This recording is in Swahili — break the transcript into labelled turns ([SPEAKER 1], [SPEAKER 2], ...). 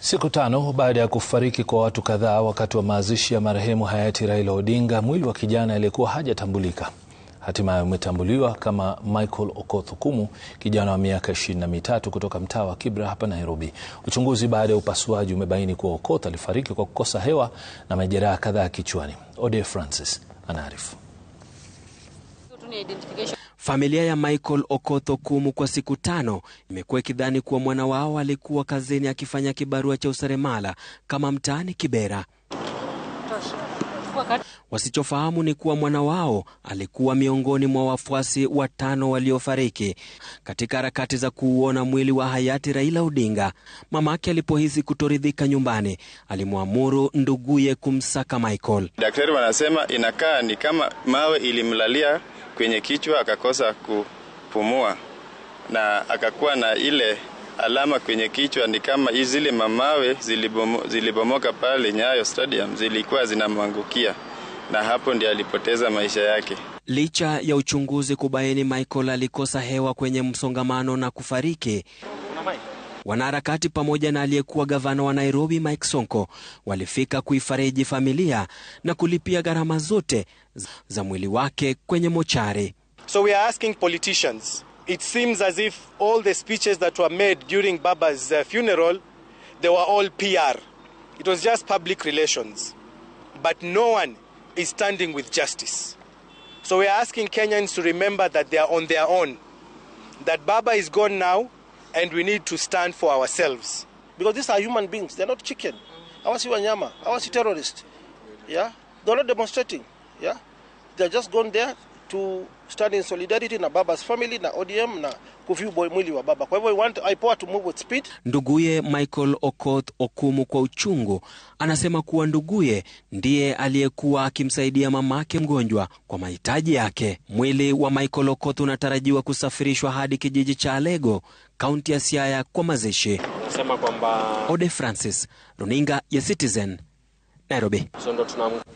[SPEAKER 1] Siku tano baada ya kufariki kwa watu kadhaa wakati wa mazishi ya marehemu hayati Raila Odinga, mwili wa kijana aliyekuwa hajatambulika hatimaye umetambuliwa kama Michael Okoth Okumu, kijana wa miaka ishirini na mitatu kutoka mtaa wa Kibra hapa Nairobi. Uchunguzi baada ya upasuaji umebaini kuwa Okoth alifariki kwa kukosa hewa na majeraha kadhaa kichwani. Ode Francis anaarifu.
[SPEAKER 2] Familia ya Michael Okotho Kumu kwa siku tano imekuwa ikidhani kuwa mwana wao alikuwa kazini akifanya kibarua cha useremala kama mtaani Kibera. Wasichofahamu ni kuwa mwana wao alikuwa miongoni mwa wafuasi watano waliofariki katika harakati za kuuona mwili wa hayati Raila Odinga. Mamake alipohisi kutoridhika nyumbani, alimwamuru nduguye kumsaka Michael.
[SPEAKER 3] Daktari wanasema inakaa ni kama mawe ilimlalia kwenye kichwa, akakosa kupumua na akakuwa na ile alama kwenye kichwa, ni kama zile mamawe zilibomoka pale Nyayo Stadium zilikuwa zinamwangukia, na hapo ndiye alipoteza maisha yake.
[SPEAKER 2] Licha ya uchunguzi kubaini Michael alikosa hewa kwenye msongamano na kufariki, Wanaharakati pamoja na aliyekuwa gavana wa Nairobi Mike Sonko walifika kuifariji familia na kulipia gharama zote za mwili wake kwenye mochari.
[SPEAKER 4] So we are asking politicians. It seems as if all the speeches that were made during Baba's uh, funeral, they were all PR. It was just public relations. But no one is standing with justice. So we are asking Kenyans to remember that they are on their own. That Baba is gone now. and we need to stand for ourselves
[SPEAKER 5] because these are human beings. They're not chicken. I was Wanyama. I was a terrorist. Yeah, they're not demonstrating. Yeah, they're just gone there. to stand in solidarity na baba's family na ODM na kuview mwili wa baba. Kwa hivyo we want IPOA to move with speed.
[SPEAKER 2] Nduguye Michael Okoth Okumu kwa uchungu anasema kuwa nduguye ndiye aliyekuwa akimsaidia mamake mgonjwa kwa mahitaji yake. Mwili wa Michael Okoth unatarajiwa kusafirishwa hadi kijiji cha Alego, kaunti ya Siaya kwa mazishi.
[SPEAKER 6] Sema kwamba
[SPEAKER 2] Ode Francis, Runinga ya Citizen, Nairobi. So